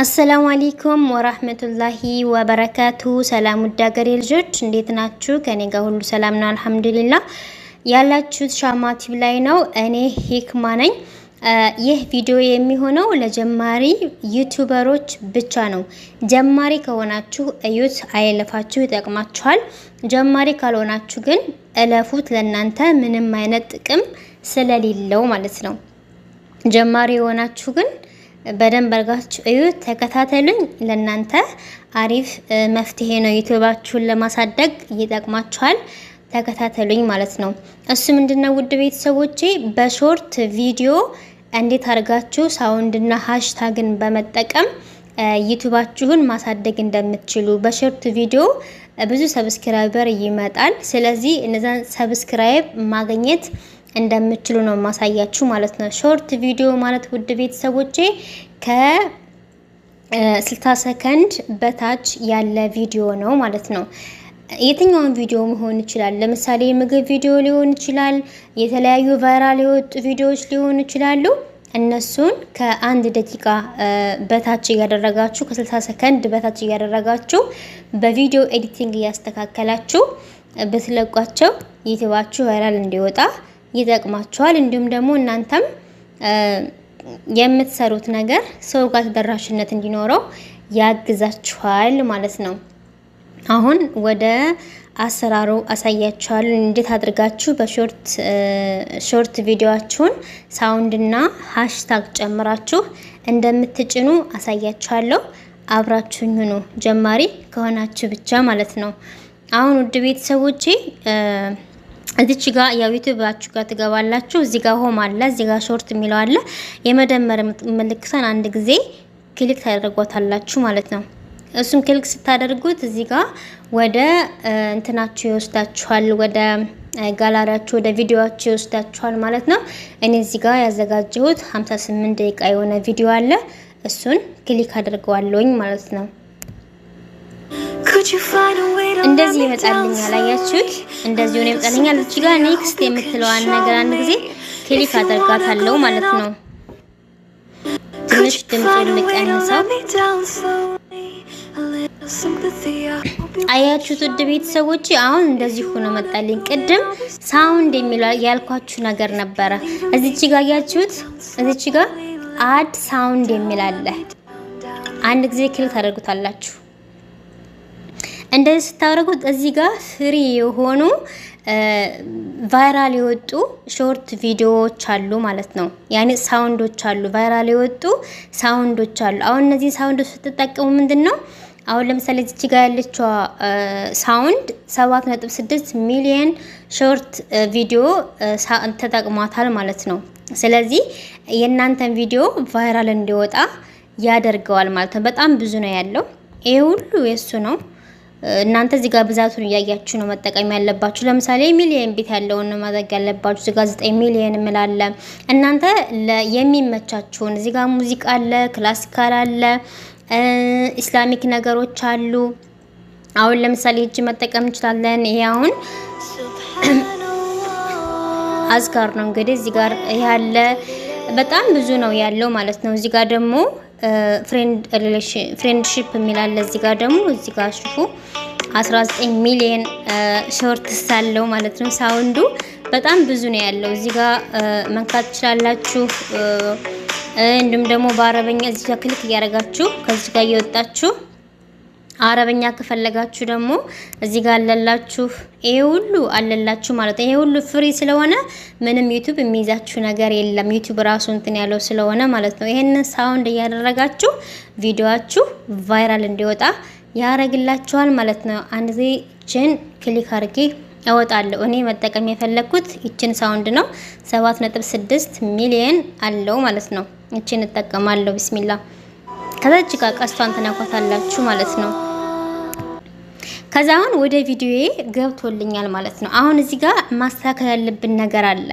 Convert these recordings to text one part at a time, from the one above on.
አሰላሙ አሌይኩም ወራህመቱላሂ ወበረካቱ። ሰላም ውድ አገሬ ልጆች እንዴት ናችሁ? ከኔ ጋር ሁሉ ሰላም ነው አልሐምዱሊላ። ያላችሁት ሻማ ቲቪ ላይ ነው። እኔ ሂክማ ነኝ። ይህ ቪዲዮ የሚሆነው ለጀማሪ ዩቱበሮች ብቻ ነው። ጀማሪ ከሆናችሁ እዩት፣ አይለፋችሁ፣ ይጠቅማችኋል። ጀማሪ ካልሆናችሁ ግን እለፉት፣ ለእናንተ ምንም አይነት ጥቅም ስለሌለው ማለት ነው። ጀማሪ የሆናችሁ ግን በደንብ አርጋችሁ እዩት፣ ተከታተሉኝ። ለእናንተ አሪፍ መፍትሄ ነው። ዩቱባችሁን ለማሳደግ ይጠቅማችኋል። ተከታተሉኝ ማለት ነው። እሱ ምንድነው ውድ ቤተሰቦቼ በሾርት ቪዲዮ እንዴት አርጋችሁ ሳውንድና ሃሽታግን በመጠቀም ዩቱባችሁን ማሳደግ እንደምትችሉ በሾርት ቪዲዮ ብዙ ሰብስክራይበር ይመጣል። ስለዚህ እነዛን ሰብስክራይብ ማግኘት እንደምችሉ ነው ማሳያችሁ ማለት ነው። ሾርት ቪዲዮ ማለት ውድ ቤተሰቦቼ ከ ስልሳ ሰከንድ በታች ያለ ቪዲዮ ነው ማለት ነው። የትኛውን ቪዲዮ መሆን ይችላል። ለምሳሌ ምግብ ቪዲዮ ሊሆን ይችላል። የተለያዩ ቫይራል የወጡ ቪዲዮዎች ሊሆኑ ይችላሉ። እነሱን ከአንድ ደቂቃ በታች እያደረጋችሁ ከ60 ሰከንድ በታች እያደረጋችሁ በቪዲዮ ኤዲቲንግ እያስተካከላችሁ ብትለቋቸው ዩቲዩባችሁ ቫይራል እንዲወጣ ይጠቅማችኋል። እንዲሁም ደግሞ እናንተም የምትሰሩት ነገር ሰው ጋር ተደራሽነት እንዲኖረው ያግዛችኋል ማለት ነው። አሁን ወደ አሰራሩ አሳያችኋል። እንዴት አድርጋችሁ በሾርት ሾርት ቪዲዮችሁን ሳውንድና ሃሽታግ ጨምራችሁ እንደምትጭኑ አሳያችኋለሁ። አብራችሁኝ ሁኑ፣ ጀማሪ ከሆናችሁ ብቻ ማለት ነው። አሁን ውድ ቤተሰቦቼ እዚች ጋ ያው ዩቲዩባችሁ ጋር ትገባላችሁ። እዚህ ጋር ሆም አለ፣ እዚህ ጋር ሾርት የሚለው አለ። የመደመር ምልክቷን አንድ ጊዜ ክሊክ ታደርጓታላችሁ ማለት ነው። እሱም ክሊክ ስታደርጉት እዚህ ጋር ወደ እንትናችሁ ይወስዳችኋል፣ ወደ ጋላሪያችሁ ወደ ቪዲዮአችሁ ይወስዳችኋል ማለት ነው። እኔ እዚህ ጋር ያዘጋጀሁት 58 ደቂቃ የሆነ ቪዲዮ አለ። እሱን ክሊክ አድርገዋለሁኝ ማለት ነው። እንደዚህ ይመጣልኛል። አያችሁት? እንደዚህ ሆነ ይመጣልኛል። እቺ ጋር ኔክስት የምትለዋን ነገር አንድ ጊዜ ክሊክ አደርጋታለሁ ማለት ነው። ትንሽ ድምፁን ልቀንሰው። አያችሁት? ውድ ቤተሰቦች አሁን እንደዚህ ሆኖ መጣልኝ። ቅድም ሳውንድ የሚለው ያልኳችሁ ነገር ነበረ። እዚች ጋር አያችሁት? እዚች ጋር አድ ሳውንድ የሚል አለ። አንድ ጊዜ ክሊክ ታደርጉታላችሁ። እንደዚህ ስታደርጉት እዚህ ጋር ፍሪ የሆኑ ቫይራል የወጡ ሾርት ቪዲዮዎች አሉ ማለት ነው። ያኔ ሳውንዶች አሉ፣ ቫይራል የወጡ ሳውንዶች አሉ። አሁን እነዚህ ሳውንዶች ስትጠቀሙ ምንድን ነው አሁን ለምሳሌ እዚች ጋር ያለችዋ ሳውንድ 7.6 ሚሊየን ሾርት ቪዲዮ ተጠቅሟታል ማለት ነው። ስለዚህ የእናንተን ቪዲዮ ቫይራል እንዲወጣ ያደርገዋል ማለት ነው። በጣም ብዙ ነው ያለው። ይሄ ሁሉ የሱ ነው። እናንተ እዚህ ጋር ብዛቱን እያያችሁ ነው መጠቀም ያለባችሁ። ለምሳሌ ሚሊየን ቤት ያለውን ማድረግ ያለባችሁ። እዚህ ጋር ዘጠኝ ሚሊየን ምላለ እናንተ የሚመቻችሁን እዚህ ጋር ሙዚቃ አለ፣ ክላሲካል አለ፣ ኢስላሚክ ነገሮች አሉ። አሁን ለምሳሌ እጅ መጠቀም እንችላለን። ይሄ አሁን አዝካር ነው እንግዲህ እዚህ ጋር ያለ በጣም ብዙ ነው ያለው ማለት ነው። እዚህ ጋር ደግሞ ፍሬንድሽፕ የሚላለ እዚህ ጋር ደግሞ እዚህ ጋር ሽፉ 19 ሚሊዮን ሾርትስ አለው ማለት ነው። ሳውንዱ በጣም ብዙ ነው ያለው። እዚህ ጋር መንካት ትችላላችሁ። እንዲሁም ደግሞ በአረበኛ እዚህ ጋር ክሊክ እያደረጋችሁ ከዚህ ጋር እየወጣችሁ አረበኛ ከፈለጋችሁ ደግሞ እዚህ ጋር አለላችሁ። ይሄ ሁሉ አለላችሁ ማለት ነው። ይሄ ሁሉ ፍሪ ስለሆነ ምንም ዩቲዩብ የሚይዛችሁ ነገር የለም። ዩቲዩብ ራሱ እንትን ያለው ስለሆነ ማለት ነው። ይሄንን ሳውንድ እያደረጋችሁ ቪዲዮአችሁ ቫይራል እንዲወጣ ያረግላችኋል ማለት ነው። አንድ ጊዜ ችን ክሊክ አድርጌ እወጣለሁ። እኔ መጠቀም የፈለኩት ይችን ሳውንድ ነው። 7.6 ሚሊዮን አለው ማለት ነው። እቺን እጠቀማለሁ። ቢስሚላ ከዛች ጋር ቀስቷን ትነኳታላችሁ ማለት ነው። ከዛ አሁን ወደ ቪዲዮዬ ገብቶልኛል ማለት ነው። አሁን እዚህ ጋር ማስተካከል ያለብን ነገር አለ።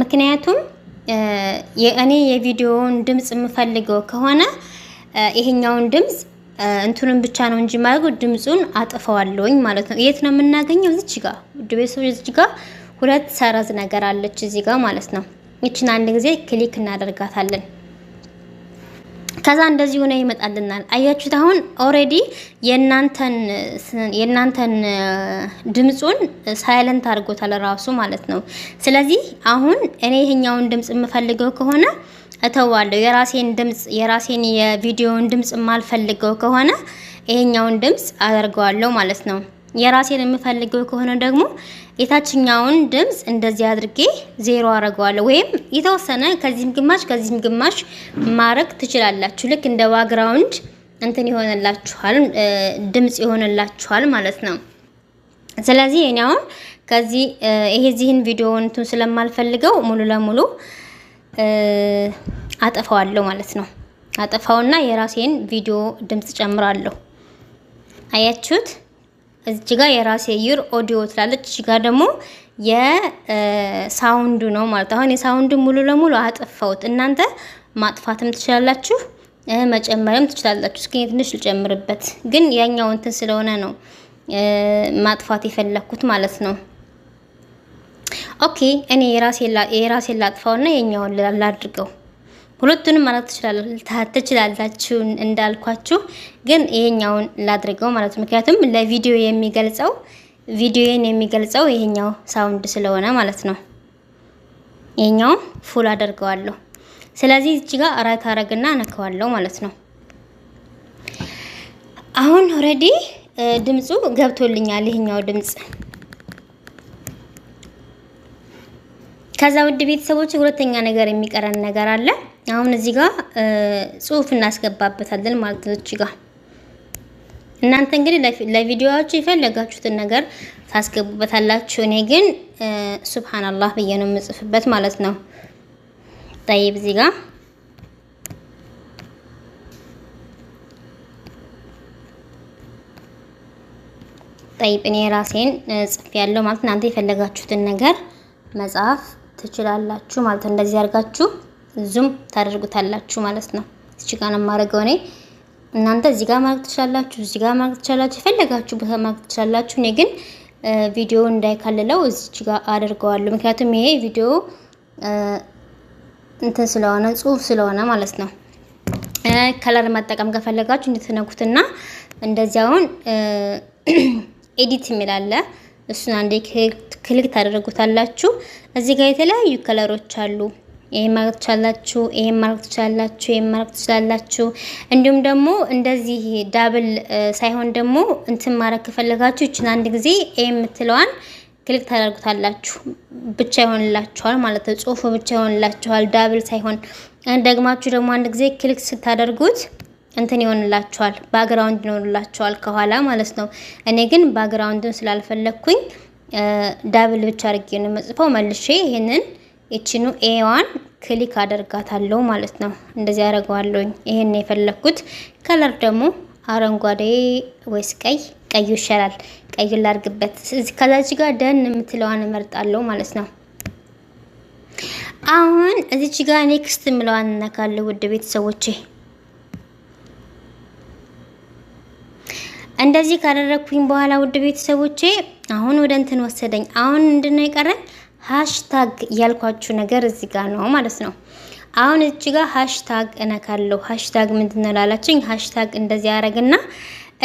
ምክንያቱም እኔ የቪዲዮውን ድምፅ የምፈልገው ከሆነ ይሄኛውን ድምፅ እንትኑን ብቻ ነው እንጂ ማድረገው ድምፁን አጥፈዋለሁኝ ማለት ነው። የት ነው የምናገኘው? እዚች ጋ ቤተሰቦች፣ እዚች ጋ ሁለት ሰረዝ ነገር አለች እዚህ ጋ ማለት ነው። ይችን አንድ ጊዜ ክሊክ እናደርጋታለን። ከዛ እንደዚህ ሆነ ይመጣልናል። አያችሁት? አሁን ኦሬዲ የእናንተን የእናንተን ድምፁን ሳይለንት አድርጎታል ራሱ ማለት ነው። ስለዚህ አሁን እኔ ይሄኛውን ድምፅ የምፈልገው ከሆነ እተዋለሁ። የራሴን ድምፅ የራሴን የቪዲዮውን ድምፅ የማልፈልገው ከሆነ ይሄኛውን ድምፅ አደርገዋለሁ ማለት ነው። የራሴን የምፈልገው ከሆነ ደግሞ የታችኛውን ድምፅ እንደዚህ አድርጌ ዜሮ አረገዋለሁ። ወይም የተወሰነ ከዚህም ግማሽ ከዚህም ግማሽ ማድረግ ትችላላችሁ። ልክ እንደ ባግራውንድ እንትን ይሆንላችኋል፣ ድምፅ ይሆንላችኋል ማለት ነው። ስለዚህ እኔ አሁን ከዚህ ይሄ ዚህን ቪዲዮ እንትን ስለማልፈልገው ሙሉ ለሙሉ አጠፋዋለሁ ማለት ነው። አጠፋውና የራሴን ቪዲዮ ድምፅ ጨምራለሁ። አያችሁት? እዚች ጋር የራሴ ዩር ኦዲዮ ትላለች። እዚች ጋር ደግሞ የሳውንዱ ነው ማለት አሁን የሳውንዱ ሙሉ ለሙሉ አጥፋውት እናንተ ማጥፋትም ትችላላችሁ፣ መጨመርም ትችላላችሁ። እስኪ ትንሽ ልጨምርበት፣ ግን ያኛው እንትን ስለሆነ ነው ማጥፋት የፈለኩት ማለት ነው። ኦኬ እኔ የራሴ ላጥፋውና የኛውን ላድርገው። ሁለቱንም ማለት ትችላላችሁ እንዳልኳችሁ፣ ግን ይሄኛውን ላድርገው ማለት ምክንያቱም ለቪዲዮ የሚገልጸው ቪዲዮን የሚገልጸው ይሄኛው ሳውንድ ስለሆነ ማለት ነው። ይሄኛው ፉል አደርገዋለሁ። ስለዚህ እዚህ ጋር አራት አረግና ነከዋለሁ ማለት ነው። አሁን ኦልሬዲ ድምፁ ገብቶልኛል። ይሄኛው ድምፅ ከዛ ውድ ቤተሰቦች ሁለተኛ ነገር የሚቀረን ነገር አለ። አሁን እዚህ ጋር ጽሁፍ እናስገባበታለን ማለት ነው። እዚህ ጋር እናንተ እንግዲህ ለቪዲዮዋችሁ የፈለጋችሁትን ነገር ታስገቡበታላችሁ። እኔ ግን ሱብሃንአላህ ብዬ ነው የምጽፍበት ማለት ነው። ጠይብ እዚህ ጋር ጠይብ እኔ ራሴን ጽፍ ያለው ማለት እናንተ የፈለጋችሁትን ነገር መጻፍ ትችላላችሁ ማለት እንደዚህ አድርጋችሁ ዙም ታደርጉታላችሁ ማለት ነው። እዚህ ጋር ነው የማደርገው እኔ። እናንተ እዚህ ጋር ማድረግ ትችላላችሁ፣ እዚህ ጋር ማድረግ ትችላላችሁ፣ የፈለጋችሁ ቦታ ማድረግ ትችላላችሁ። እኔ ግን ቪዲዮ እንዳይካልለው እዚህ ጋር አደርገዋለሁ። ምክንያቱም ይሄ ቪዲዮ እንትን ስለሆነ ጽሁፍ ስለሆነ ማለት ነው። ከለር መጠቀም ከፈለጋችሁ እንድትነኩትና እንደዚያውን ኤዲት የሚላለ እሱን አንዴ ክሊክ ታደርጉታላችሁ። እዚህ ጋር የተለያዩ ከለሮች አሉ። ይሄን ማድረግ ትችላላችሁ፣ ይሄን ማድረግ ትችላላችሁ፣ ይሄን ማድረግ ትችላላችሁ። እንዲሁም ደግሞ እንደዚህ ዳብል ሳይሆን ደግሞ እንትን ማድረግ ከፈለጋችሁ ይችን አንድ ጊዜ ኤ የምትለዋን ክሊክ ታደርጉታላችሁ። ብቻ ይሆንላችኋል ማለት ነው፣ ጽሁፉ ብቻ ይሆንላችኋል፣ ዳብል ሳይሆን። ደግማችሁ ደግሞ አንድ ጊዜ ክሊክ ስታደርጉት እንትን ይሆንላችኋል፣ ባግራውንድ ይሆንላችኋል ከኋላ ማለት ነው። እኔ ግን ባግራውንድን ስላልፈለግኩኝ ዳብል ብቻ አድርጌ ነው የምጽፈው። መልሼ ይሄንን ይችኑ ኤዋን ክሊክ አደርጋታለሁ ማለት ነው። እንደዚህ አደርገዋለሁኝ። ይሄን የፈለኩት ከለር ደግሞ አረንጓዴ ወይስ ቀይ? ቀዩ ይሻላል። ቀዩ ላርግበት። ከዛች ጋር ደን የምትለዋን እመርጣለሁ ማለት ነው። አሁን እዚች ጋር ኔክስት የምለዋን እነካለሁ። ውድ ቤተሰቦቼ እንደዚህ ካደረግኩኝ በኋላ ውድ ቤተሰቦቼ አሁን ወደ እንትን ወሰደኝ። አሁን ምንድን ነው የቀረኝ? ሃሽታግ ያልኳችሁ ነገር እዚህ ጋር ነው ማለት ነው። አሁን እዚህ ጋር ሃሽታግ እነካለሁ። ሃሽታግ ምንድን ነው ላላችሁኝ፣ ሃሽታግ እንደዚህ ያደረግና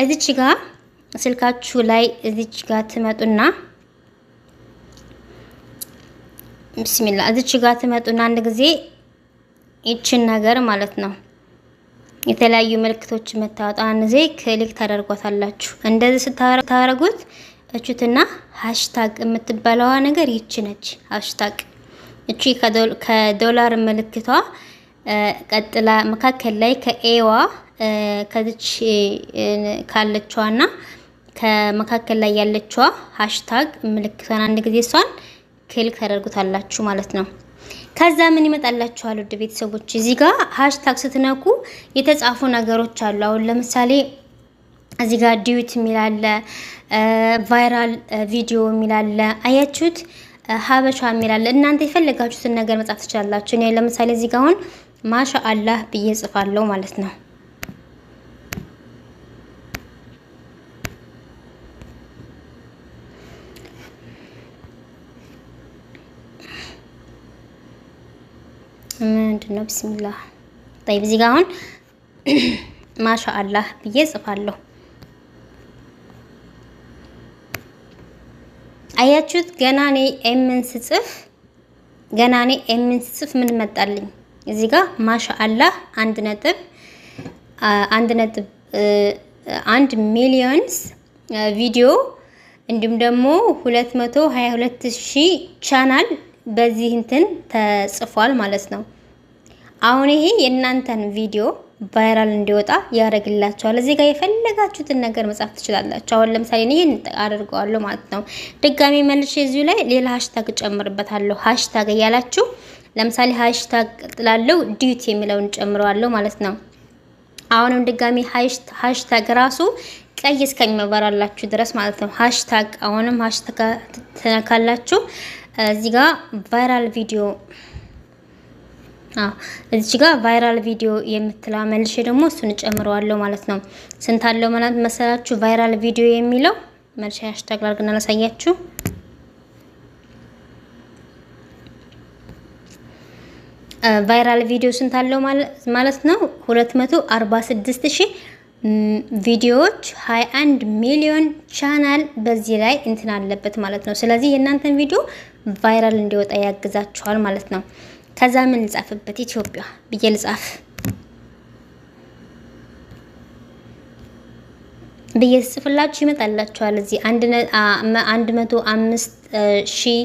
እዚች ጋር ስልካችሁ ላይ እዚች ጋር ትመጡና ቢስሚላ እዚች ጋር ትመጡና አንድ ጊዜ ይችን ነገር ማለት ነው የተለያዩ ምልክቶች የምታወጣ ጊዜ ክሊክ ታደርጓታላችሁ። እንደዚህ ስታረጉት? እችትና ሃሽታግ የምትባለዋ ነገር ይቺ ነች። ሃሽታግ እቺ ከዶላር ምልክቷ ቀጥላ መካከል ላይ ከኤዋ ከዚች ካለችዋና ከመካከል ላይ ያለችዋ ሃሽታግ ምልክቷን አንድ ጊዜ እሷን ክሊክ ታደርጉታላችሁ ማለት ነው። ከዛ ምን ይመጣላችኋል? ውድ ቤተሰቦች እዚህ ጋር ሃሽታግ ስትነኩ የተጻፉ ነገሮች አሉ። አሁን ለምሳሌ እዚህ ጋር ዲዩት የሚል አለ ቫይራል ቪዲዮ የሚላለ አያችሁት፣ ሀበሻ የሚላለ እናንተ የፈለጋችሁትን ነገር መጻፍ ትችላላችሁ። እኔ ለምሳሌ እዚህ ጋር አሁን ማሻ አላህ ብዬ ጽፋለሁ ማለት ነው። ምንድን ነው? ቢስሚላህ ጠይብ። እዚህ ጋር አሁን ማሻ አላህ ብዬ ጽፋለሁ። አያችሁት? ገና እኔ ኤምን ስጽፍ ገና እኔ ኤምን ስጽፍ ምን መጣልኝ? እዚህ ጋር ማሻአላህ አንድ ነጥብ አንድ ነጥብ አንድ ሚሊዮንስ ቪዲዮ እንዲሁም ደግሞ 222 ቻናል በዚህ እንትን ተጽፏል ማለት ነው። አሁን ይሄ የእናንተን ቪዲዮ ቫይራል እንዲወጣ ያደርግላቸዋል። እዚህ ጋር የፈለጋችሁትን ነገር መጻፍ ትችላላችሁ። አሁን ለምሳሌ ይህን አድርገዋለሁ ማለት ነው። ድጋሚ መልሼ እዚሁ ላይ ሌላ ሃሽታግ ጨምርበታለሁ። ሃሽታግ እያላችሁ ለምሳሌ ሃሽታግ ጥላለው ዲዩት የሚለውን ጨምረዋለሁ ማለት ነው። አሁንም ድጋሚ ሃሽታግ ራሱ ቀይ እስከሚበራላችሁ ድረስ ማለት ነው። ሃሽታግ አሁንም ሃሽታግ ትነካላችሁ። እዚህ ጋር ቫይራል ቪዲዮ እዚች ጋር ቫይራል ቪዲዮ የምትላ መልሼ ደግሞ እሱን ጨምረዋለሁ ማለት ነው። ስንት አለው ማለት መሰላችሁ? ቫይራል ቪዲዮ የሚለው መልሼ ሃሽታግ ላድርግና ላሳያችሁ። ቫይራል ቪዲዮ ስንት አለው ማለት ነው? 246000 ቪዲዮዎች 21 ሚሊዮን ቻናል በዚህ ላይ እንትን አለበት ማለት ነው። ስለዚህ የእናንተን ቪዲዮ ቫይራል እንዲወጣ ያግዛችኋል ማለት ነው። ከዛ ምን ልጻፍበት ኢትዮጵያ ብዬ ልጻፍ ብዬ ስጽፍላችሁ ይመጣላችኋል። እዚህ አንድ መቶ አምስት ሺህ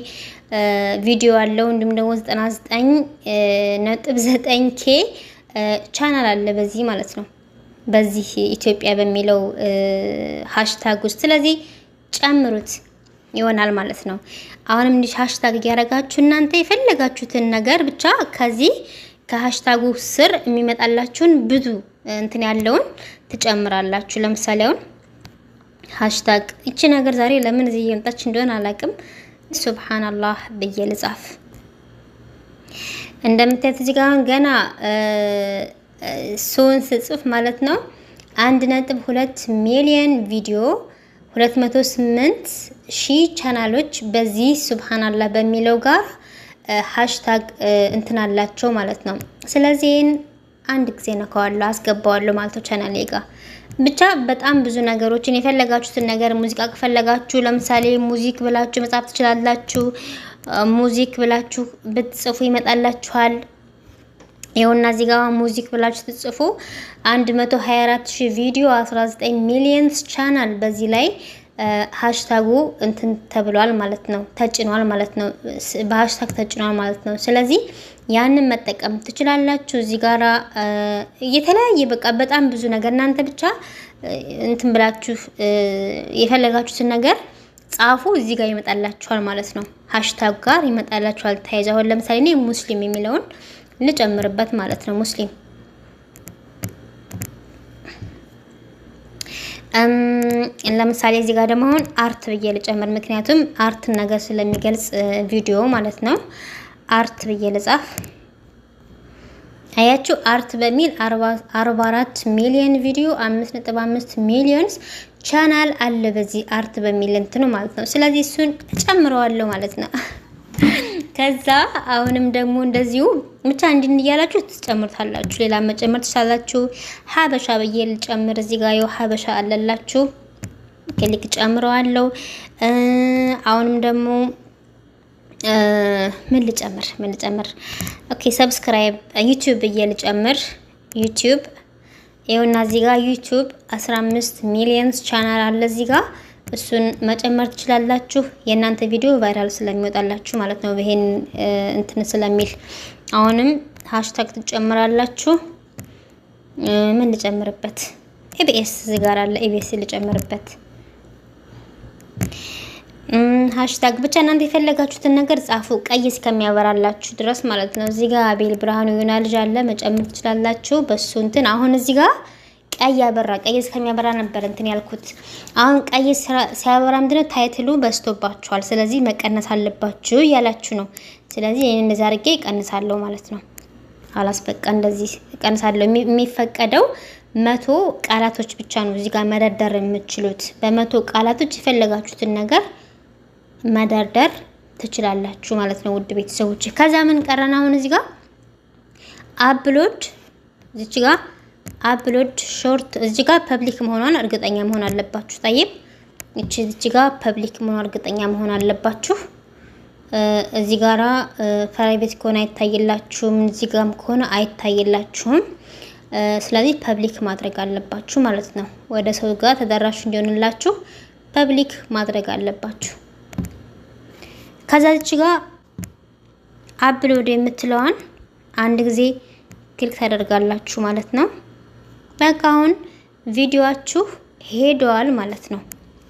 ቪዲዮ አለው እንዲሁም ደግሞ ዘጠና ዘጠኝ ነጥብ ዘጠኝ ኬ ቻናል አለ በዚህ ማለት ነው በዚህ ኢትዮጵያ በሚለው ሃሽታግ ውስጥ ስለዚህ ጨምሩት። ይሆናል ማለት ነው። አሁንም እንዲህ ሀሽታግ እያደረጋችሁ እናንተ የፈለጋችሁትን ነገር ብቻ ከዚህ ከሀሽታጉ ስር የሚመጣላችሁን ብዙ እንትን ያለውን ትጨምራላችሁ። ለምሳሌ አሁን ሀሽታግ እቺ ነገር ዛሬ ለምን እዚህ እየመጣች እንደሆነ አላቅም። ሱብሃናላህ ብዬ ልጻፍ። እንደምታዩት እዚህ ጋር ገና ሶን ስጽፍ ማለት ነው አንድ ነጥብ ሁለት ሚሊየን ቪዲዮ 208 ሺህ ቻናሎች በዚህ ሱብሃናላህ በሚለው ጋር ሃሽታግ እንትን ማለት ነው። ስለዚህ አንድ ጊዜ ነካዋለሁ አስገባዋለሁ ማለት ነው ቻናሌ ጋር ብቻ በጣም ብዙ ነገሮችን የፈለጋችሁትን ነገር ሙዚቃ ከፈለጋችሁ ለምሳሌ ሙዚክ ብላችሁ መጻፍ ትችላላችሁ። ሙዚክ ብላችሁ ብትጽፉ ይመጣላችኋል። ይኸውና እዚህ ጋር ሙዚክ ብላችሁ ትጽፉ 124000 ቪዲዮ 19 ሚሊየንስ ቻናል በዚህ ላይ ሃሽታጉ እንትን ተብሏል ማለት ነው፣ ተጭኗል ማለት ነው። በሃሽታግ ተጭኗል ማለት ነው። ስለዚህ ያንን መጠቀም ትችላላችሁ። እዚህ ጋራ የተለያየ በቃ በጣም ብዙ ነገር እናንተ ብቻ እንትን ብላችሁ የፈለጋችሁትን ነገር ጻፉ። እዚህ ጋር ይመጣላችኋል ማለት ነው። ሃሽታግ ጋር ይመጣላችኋል። ተያይዘ አሁን ለምሳሌ እኔ ሙስሊም የሚለውን እንጨምርበት ማለት ነው። ሙስሊም ለምሳሌ እዚህ ጋር ደግሞ አሁን አርት ብዬ ልጨምር፣ ምክንያቱም አርት ነገር ስለሚገልጽ ቪዲዮ ማለት ነው። አርት ብዬ ልጻፍ። አያችሁ አርት በሚል 44 ሚሊዮን ቪዲዮ 5.5 ሚሊዮን ቻናል አለ በዚህ አርት በሚል እንትኑ ማለት ነው። ስለዚህ እሱን ጨምረዋለሁ ማለት ነው። ከዛ አሁንም ደግሞ እንደዚሁ ብቻ እንድን እያላችሁ ትጨምርታላችሁ ሌላ መጨመር ትችላላችሁ። ሀበሻ ብዬ ልጨምር እዚህ ጋር ያው ሀበሻ አለላችሁ። ክሊክ ጨምረዋለሁ። አሁንም ደግሞ ምን ልጨምር ምን ልጨምር? ኦኬ ሰብስክራይብ ዩቲዩብ ብዬ ልጨምር ዩቲዩብ ይኸውና እዚህ ጋር ዩቲዩብ 15 ሚሊየንስ ቻናል አለ እዚህ ጋር እሱን መጨመር ትችላላችሁ። የእናንተ ቪዲዮ ቫይራል ስለሚወጣላችሁ ማለት ነው። ይሄን እንትን ስለሚል አሁንም ሃሽታግ ትጨምራላችሁ። ምን ልጨምርበት? ኢቢኤስ እዚህ ጋር አለ። ኢቢኤስ ልጨምርበት ሃሽታግ ብቻ እናንተ የፈለጋችሁትን ነገር ጻፉ፣ ቀይ እስከሚያበራላችሁ ድረስ ማለት ነው። እዚህ ጋር አቤል ብርሃኑ ይሆናል አለ መጨመር ትችላላችሁ። በሱ እንትን አሁን እዚህ ጋር ቀይ ያበራ ቀይ እስከሚያበራ ነበር እንትን ያልኩት። አሁን ቀይ ሲያበራ ምንድነው ታይትሉ በዝቶባችኋል፣ ስለዚህ መቀነስ አለባችሁ እያላችሁ ነው። ስለዚህ ይህን እንደዚህ አድርጌ እቀንሳለሁ ማለት ነው። አላስ በቃ እንደዚህ እቀንሳለሁ። የሚፈቀደው መቶ ቃላቶች ብቻ ነው እዚህ ጋር መደርደር የምትችሉት። በመቶ ቃላቶች የፈለጋችሁትን ነገር መደርደር ትችላላችሁ ማለት ነው ውድ ቤተሰቦች። ከዛ ምን ቀረን አሁን እዚህ ጋር አፕሎድ እዚች ጋር አፕሎድ ሾርት እዚህ ጋር ፐብሊክ መሆኗን እርግጠኛ መሆን አለባችሁ። ጠይብ እቺ እዚህ ጋር ፐብሊክ መሆኗን እርግጠኛ መሆን አለባችሁ። እዚህ ጋራ ፕራይቬት ከሆነ አይታይላችሁም፣ እዚህ ጋርም ከሆነ አይታይላችሁም። ስለዚህ ፐብሊክ ማድረግ አለባችሁ ማለት ነው። ወደ ሰው ጋር ተደራሽ እንዲሆንላችሁ ፐብሊክ ማድረግ አለባችሁ። ከዛ እዚህ ጋር አፕሎድ የምትለዋን አንድ ጊዜ ክሊክ ታደርጋላችሁ ማለት ነው። በቃ አሁን ቪዲዮአችሁ ሄደዋል ማለት ነው።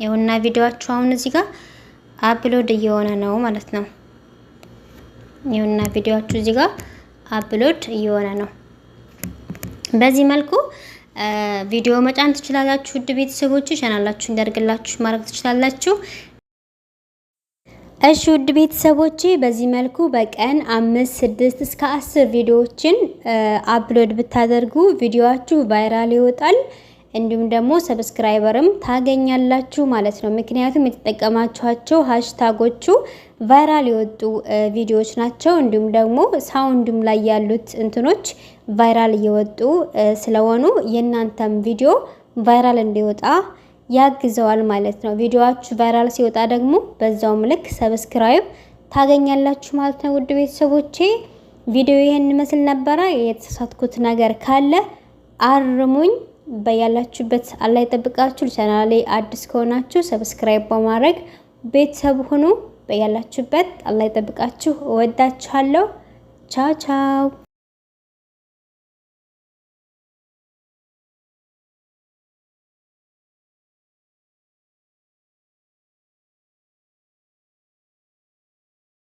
ይኸውና ቪዲዮአችሁ አሁን እዚህ ጋር አፕሎድ እየሆነ ነው ማለት ነው። ይኸውና ቪዲዮአችሁ እዚህ ጋር አፕሎድ እየሆነ ነው። በዚህ መልኩ ቪዲዮ መጫን ትችላላችሁ። ውድ ቤተሰቦች ቻናላችሁ እንዲያድግላችሁ ማድረግ ትችላላችሁ። እሺ ውድ ቤተሰቦቼ በዚህ መልኩ በቀን አምስት ስድስት እስከ አስር ቪዲዮዎችን አፕሎድ ብታደርጉ ቪዲዮችሁ ቫይራል ይወጣል፣ እንዲሁም ደግሞ ሰብስክራይበርም ታገኛላችሁ ማለት ነው። ምክንያቱም የተጠቀማችኋቸው ሀሽታጎቹ ቫይራል የወጡ ቪዲዮዎች ናቸው። እንዲሁም ደግሞ ሳውንድም ላይ ያሉት እንትኖች ቫይራል እየወጡ ስለሆኑ የእናንተም ቪዲዮ ቫይራል እንዲወጣ ያግዘዋል ማለት ነው። ቪዲዮዋችሁ ቫይራል ሲወጣ ደግሞ በዛውም ልክ ሰብስክራይብ ታገኛላችሁ ማለት ነው። ውድ ቤተሰቦቼ ቪዲዮ ይሄን ይመስል ነበረ። የተሳሳትኩት ነገር ካለ አርሙኝ። በያላችሁበት አላህ ይጠብቃችሁ። ቻናሌ አዲስ ከሆናችሁ ሰብስክራይብ በማድረግ ቤተሰብ ሁኑ። በያላችሁበት አላህ ይጠብቃችሁ። እወዳችኋለሁ። ቻው ቻው